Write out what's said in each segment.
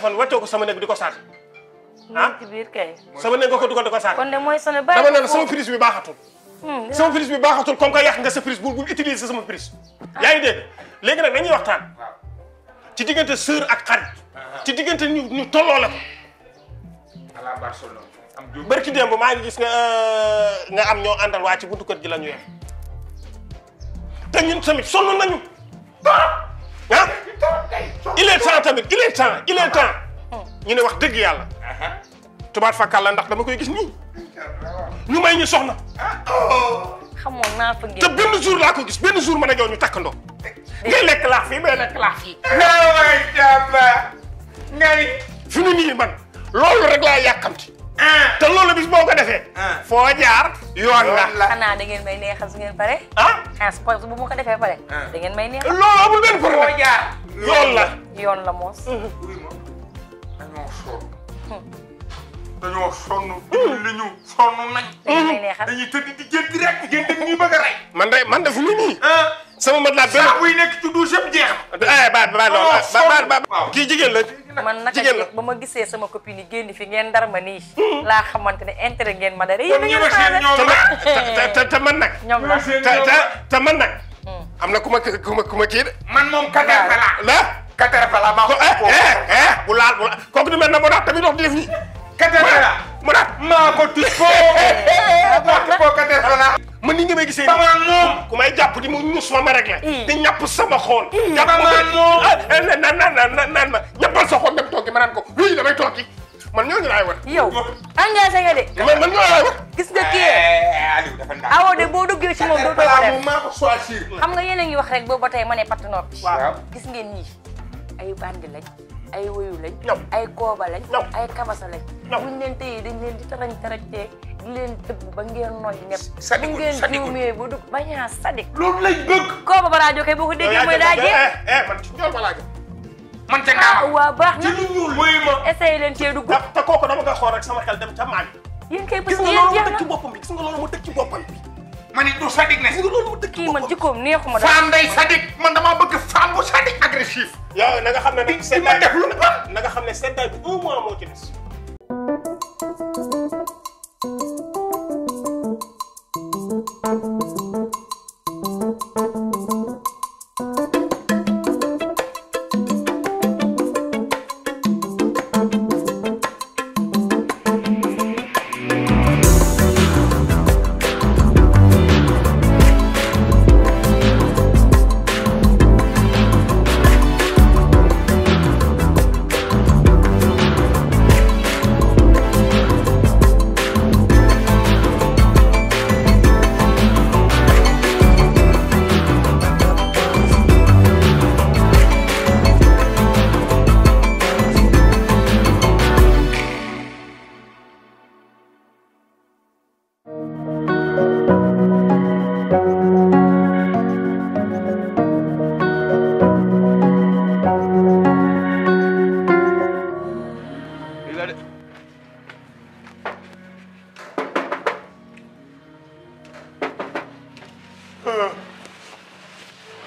téléphone wàccoo ko sama nek nekk di ko saax ah? kay sama nek ko dugal diko sax kon de moy sama bàyyi sama ne sama prise bi baaxatul hmm. sama prise bi baxatul comme ko yak nga sa prise bu bu utiliser sama prise ah. yaa ngi legui nak dañuy waxtan ci diggante sœur ak xarit ah. ci diggante ñu ñu tolloo la ko ala Barcelone am barki dembu ma ngi gis nga euh, nga am ño andal wa ci buntu kër gi lañu yé yem te ñun tamit sonu nañu ah il est tamit il est temps il est ñu ne wax dëgg yàlla tubaat fakal la ndax dama koy gis nii ñu may ñu soxna. xamoon naa fa te benn jour laa ko gis benn jour ma ak yow ñu takkandoo. ngay lekk laax fii may a laax fii. naa waay jàmba ngay. fi mu nii man loolu rek laa yàkkamti. Ah. te loolu bis boo ko defee. Ah. foo jaar yoon la. xanaa da ngeen may neexal su ngeen pare. ah transport ah, bu ma ko defee pare. da ngeen may neexal. loolu amul la yoon la moos. dañoo sonn. dañoo a rey. man de man de fu mu nii. sama mat laa benn saa eh, la. man naka jëkk ba ma gisee sama copine yi génn fi ngeen ndar ma nii. laa xamante ne intérêt ngeen ma dara yéen a ngeen xaaral te te man nag. ñoom la te te te man nag. Hmm. am na ku ma ku ma ku ma kii de. man moom caterpillar la. caterpillar maa ko. Eh, eh, eh. bu laal bu laal kooku du mel na moo tax tamit dox di def nii. caterpillar mana mau maa ko ko bakk bokkate man ni nga gisee dama moom ku may di rek la di sama xool dama moom naan naan naan naan ma ñàppal sa xool dem toogi ma ko luy damay toogi man ñooñu laay war yow engagé nga de man man ñooñu laay war gis nga kii Aliou dafa ndax awo de boo duggee ci moom dootoo ko def maa choisir xam nga yéen a wax rek boobu ba waaw gis ngeen ay bandi lañ ay wuyu lañ ay kooba lañ ay kabasa lañ buñ leen téye dañ leen di tarañ tarajtee di leen tëbb ba ngeen noy ñett sadik ngeen bu sadik loolu lañ bëgg kooba radio kay boo ko déggee eh, daajee eh, eh, eh, man ci ñool ma laajo man ca ngaama ah, waa baax na ci ñuul wuy ma essayé leen cee dugg sama xel dem ca maam yéen kay parce que yéen ci bi gis nga loolu mu ci bi du sadik ne gis man sadik man dama bëgg sadik agressif yow na nga xam ne nag. li li ma def lu na nga xam ne seddaay bi un mois moo ci des.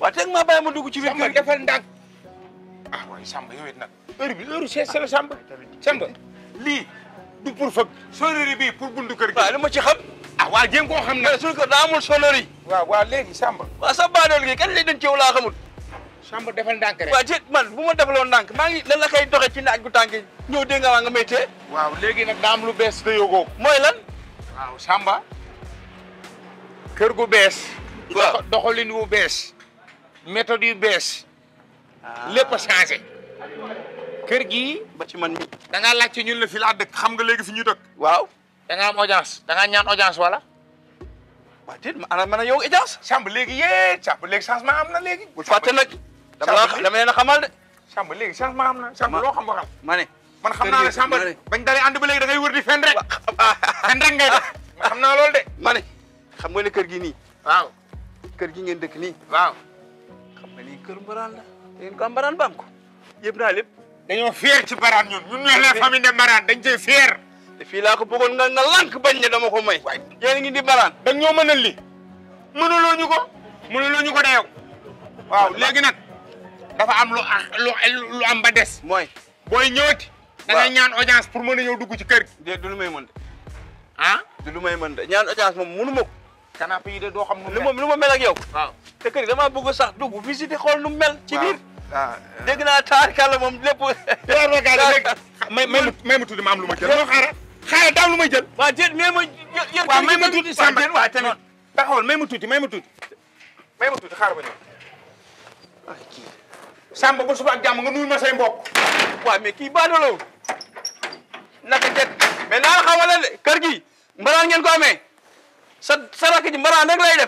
waaw teg maa bàyyi ma dugg ci biir kër gi defal ndànk ah Samba yow it nag heure bi heure Samba lii du pour fëgg sonnerie bi pour buntu kër gi waaw li ma ci xam ah waa jéem xam ne suñu kër daa amul sonnerie waaw waaw léegi Samba waaw sa baadool gi kan lay dañ ci yow laa xamul Samba defal ndànk rek man bu ma defaloon ndànk maa ngi lan la koy doxee ci naa gu tànk ñëw dégg nga waa nga méttee waaw léegi nag daa lu bees da yogoo mooy lan Samba kër gu bees doxalin wu bees méthode yu bess ah. lepp changé kër gi ba ci man mi da nga lacc ñun la fi la dëkk xam nga légui fi ñu dëkk waaw da nga am audience da nga ñaan audience wala ba déet ma ana mëna yow audience chamb léegi yee chamb léegi changement am na légui bu faté nak dama dama leena a xamal de chamb léegi changement am na chamb lo xam waxal ma ne man xam na la chamb bañ dalé and ba légui da ngay wër di fen rek ah. fen rek ngay xam na loolu de mané xam nga ne kër gi waaw kër gi ngeen dëkk ni waaw xam nga lii kër mbaraan la yéen ko am mbaraan ba naa lépp dañoo fier ci mbaraan ñun ñun ñoo la famille de mbaraan dañ cee fier te fii laa ko bëggoon nga nga lànk bañ ne dama ko may yéen ngi di mbaraan dañ ñoo mënal li mënuloo ñu ko mënuloo ñu ko dayow waaw léegi nag dafa am lu lu am ba des mooy booy ñëwati da ñaan audience pour mën a ñëw dugg ci kër gi de du lu may mën de ah du lu may mën de ñaan audience moom mënu ma canapé yi de doo xam nu lu ma lu ma mel ak yow. waaw te kër damaa sax dugg xool nu mel. ci biir waaw ah, euh. naa taarikàlla moom lépp. taar la gàll rek may may ma tudd ma lu ma jël. doo xaaral xaaral daam lu may jël. waaw jë nee ma jë waaw may ma tuuti Samba waaw tamit taxawal may ma tuuti may ma tuuti. may suba ak nga nuyu ma say mbokk. waaw mais kii baal la naka njëkk mais naa la kër gi mbalaan ngeen ko sa sa rakk ji mbaraan rek lay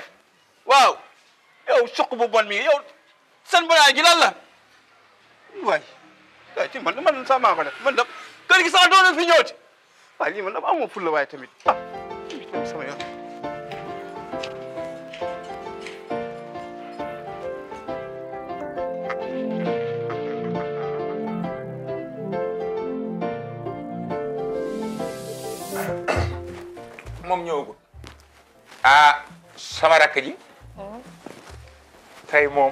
waaw yow suq bu bon mi yow seen mbaraan ji lan la waay waay ci man man sama maa ko def man da gi sax doon fi ñëwati waaye lii man dama amoo ful la tamit sama rak ji tay mom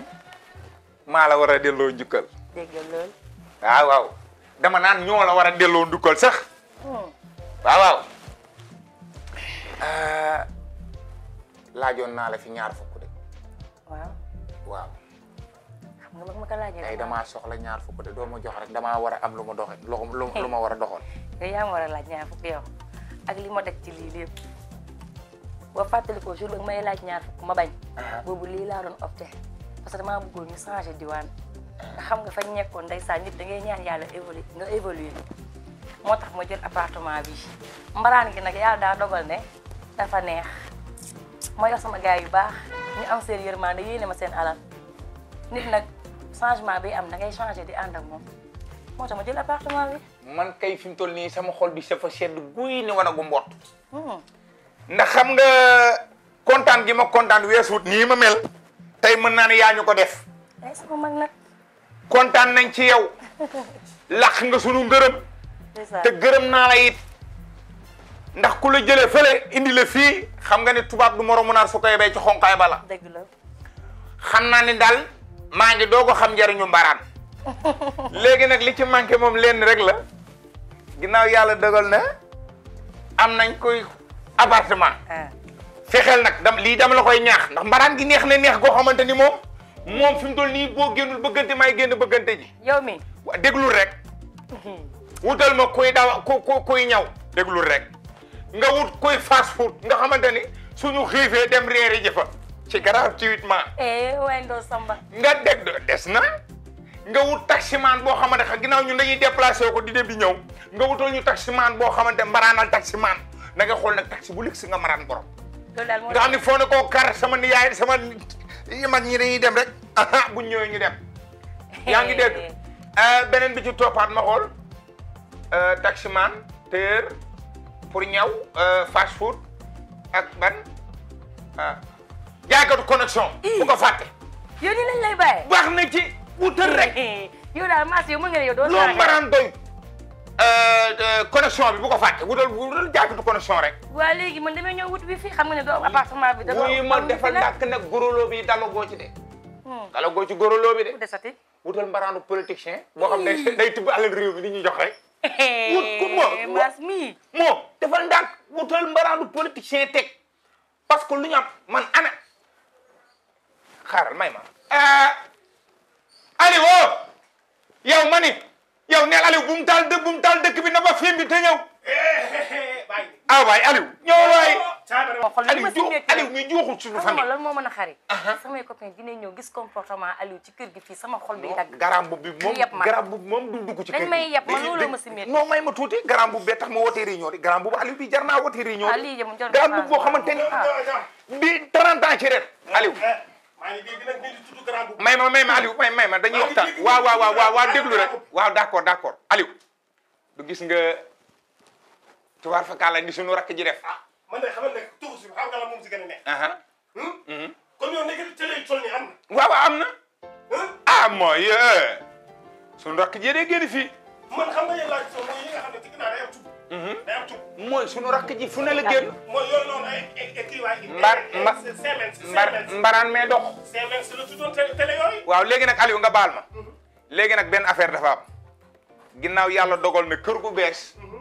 mala wara delo ndukal deggal lol waaw waaw dama nan ñoo la war a delloo sax. Hmm. waaw waaw. euh ah, lajon na la fi ñaar fukk de. waaw. waaw. ay dama soxla ñaar fukk de do mo jox rek dama wara am luma ma doxe luma wara war ya nga wara laj ñaar fukk yow ak li mo tek ci li lepp boo fàttalikoo jour ba nga may laaj ñaar fukk ma bañ. Uh-huh. boobu lii laa doon opté parce que damaa bëggoon ñu changé diwaan. nga xam nga fañ nekkoon ndeysaan nit da ngay ñaan yàlla évolué nga évolué moo tax ma jël appartement bi mbaraan gi nag yàlla daa ne dafa neex ma sama gars yu baax ñu am seen yërmande yéene ma seen alal nit nag changement bi am da ngay changé di ànd ak moom moo tax ma jël appartement bi. man kay fi mu toll nii sama xol bi sa fa sedd guy ne wan a gu mbott. Hmm. ndax xam nga kontaan gi ma kontaan weesuut nii ma mel tey mën naa ni yaa ñu ko def kontaan nañ ci yow làq nga sunu ngërëm te gërëm naa la it ndax ku la jëlee fële indi la fii xam nga ne tubaab du moromu naar su koy bay ci xonqaay ba la dëgg la xam naa ne daal maa ngi doo ko xam njariñu mbaraan léegi nag li ci manqué moom lenn rek la ginnaaw yàlla dëgal na am nañ koy appartement. Ah. fexel nak dam lii dama la koy ñaax ndax mbaran gi neex na neex go xamanteni mom mom fim fi ni bo gennul boo bëggante may genn bëggante ji. yow mi wa rek. wutal ma koy daw ku kuy ñaw déglul rek nga wut koy fast food nga xamanteni suñu xiifee dem reeri jëfa ci mois eh waaye Ndo Samba. nga do des na. nga wut taxi man bo xamanteni ginaaw ñu dañuy déplacer ko di dem bi ñëw nga wutul ñu bo xamanteni mbaranal taxi man naga xol nak taxi bu luxe nga maran borom. nga xam ne foo na koo kar sama ni yaay sama yi mag ni dañuy iya dem rek bu ñëwee ñu dem. yaa ngi euh benen bi ci topat ma xol euh taxi man ter pour ñaw euh fast food ak ban ah jaaykatu connexion. bu ko fàtte. yow nii lañ lay baye wax na ci wutal rek. yow dal mass si yow mën nga ne yow doo. loo maraan doy. Euh, connexion bi bu ko fàtte wutal wutal jaaykatu connexion rek. waaw léegi man damay ñëw wut bi fii xam nga ne doo appartement bi. dama wuyu ma defal ndànk nag goroloo hmm. bi de. dalagoo ci politicien. boo xam ne hmm. day tibb alal réew mi li ñu jox rek. wut ku moo mi moo defal ndànk wutal mbaraanu politicien teg parce que lu ñu man ana xaaral may ma. Euh, Aliou yow ma ni yow neel Aliou bu mu taal dëkk bi na ba film bi te ñëw. ah waay Aliou. ñëw waay. Aliou ju Aliou mi juuxul suñu famille. lan moo mën a xari. samay copains dinañ ñëw gis comportement Aliou ci kër gi fii sama xol bi dagg. garam bu bi moom garam bu moom du dugg ci kër gi. dañ may yeb ma loolu tuuti garam bu bee tax ma wootee réunion di garam bu Aliou bi jar naa wootee réunion. Aliou ah, yëpp mu jar naa xamante ni. bi 30 ah. ans ci ren may ma may ma Aliou may may ma dañuy wa wa wa wa wa deglu rek wa d'accord d'accord Aliou du gis nga tubaar fa kala ni sunu rak ji def ah, man day xamal nek tuxu si xam kala gëna nek aha hmm hmm kon yow nek télé yi sol ni am wa wa amna hmm? ah mooy eh, sunu rak ji de gëni fi man xam nga yéen laaj so mooy yi nga xam ne ci ginnaaw day am tub. mooy sunu ji fu ne la génn. mooy yooyu noonu ay ay kiiwaay. Eh, eh, mbaraan mee dox. waaw léegi nag Aliou nga baal ma. Mhm. léegi nag benn affaire dafa am. ginnaaw yàlla dogal na kër gu bees. Mhm.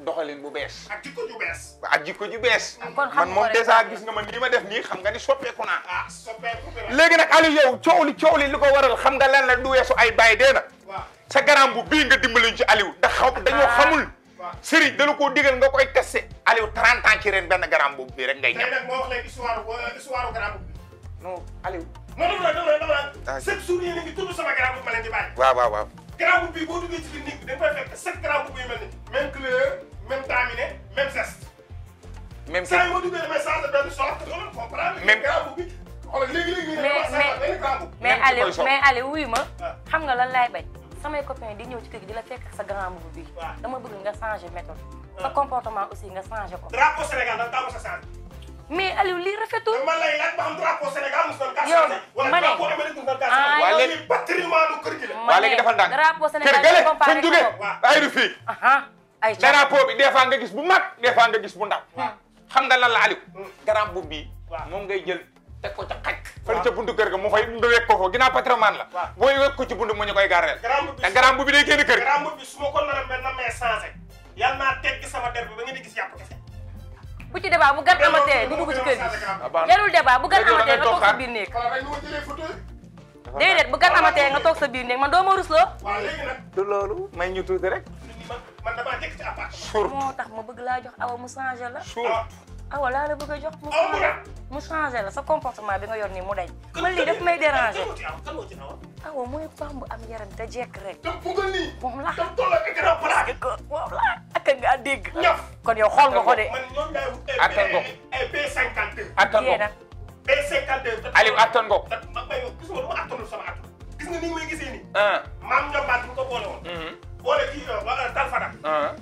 doxalin bu bees. ak jikko ju bees. ak jikko ju bees. a ah, moom dèjà gis nga man li ma def nii xam nga ni soppeeku naa. ah soppeeku naa nag Aliou yow coow li coow li li ko waral xam nga lan la du weesu ay bàyyi dee na. sa garam bu bii nga dimbaliñ ci Aliou ndax xaw ah. xamul. Serigne dala koo digal nga koy testé Aliou 30 ans ci ren benn gramme boobu bi rek ngay ñam. tey nag moo wax léegi histoire euh, histoire gramme boobu. non Aliou. non ah, non a bi boo duggee ci biir nit da nga koy fekk chaque gramme ni même couleur même taminé même zeste. même saa yi boo duggee damay changé benn soxla te loolu comprendre. bi xoolal léegi léegi. ma. Ah. xam nga lan laay samay copains di ñëw ci kër gi di la fekk sa grand mbubb bi dama bëgg nga changer méthode ah. sa comportement aussi nga changer ko drapeau Sénégal da taamu sa changer mais Aliou lay ah, la waaw léegi dafa ndànk drapeau Sénégal ay du fii ay nga gis bu mag des fois nga gis bu ndaw hmm. xam nga lan la Aliou hmm. grand mbubb bi moom ngay teg ko ca xaj fële ca buntu kër ga mu fay mu wekk ko fa ginnaaw patrimoine la booy wekk ko ci buntu mu ñu koy gareel te garambu bi day garambu bi su ma ko nar a mel na may sama der bi di gis yàpp kese bu ci débat bu gan amatee du dugg ci kër gi jarul débat bu gan amatee nga toog sa biir néeg déedéet bu gan amatee nga toog sa biir néeg man doo lo. Dulu waaw léegi nag du loolu may ñu tuuti rek man damaa jëkk ci appart moo tax ma bëgg Ah, voilà la bëgg a jox mu changé la sa comportement bi nga yor ni mu dañ man li daf may déranger awa mooy pamb am yaram da jekk rek moom la moom la ak nga dégg kon yow xol nga ko dé ak nga ko attan nga ko Aliou attan nga ko gis nga ni may gisee nii maam njombaat bu ko boole woon mhm. boole kii euh, waa euh, tal fada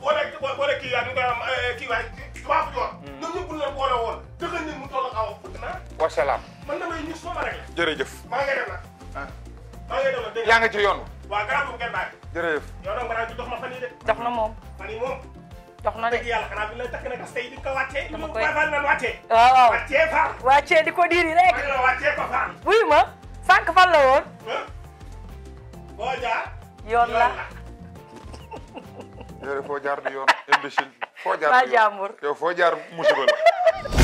boole boole kii euh, trois yoon. ñoom ñëpp bu man damay ñu soo ma rek. jërëjëf. Ah. yaa ngi ci yoon. waaw garab bu ngeen baax. de. jox na moom. fan yii moom. jox na de dëgg yàlla xanaa bi lay takk nag parce que tey di ko wàccee. dama koy ah, ah. wàccee di ko di ko diiri rek. wàccee ma sànq fan woon. yoon la yoon foo jaar di yoon imbécile foo jaar ba jàmbur yow foo jaar musiba la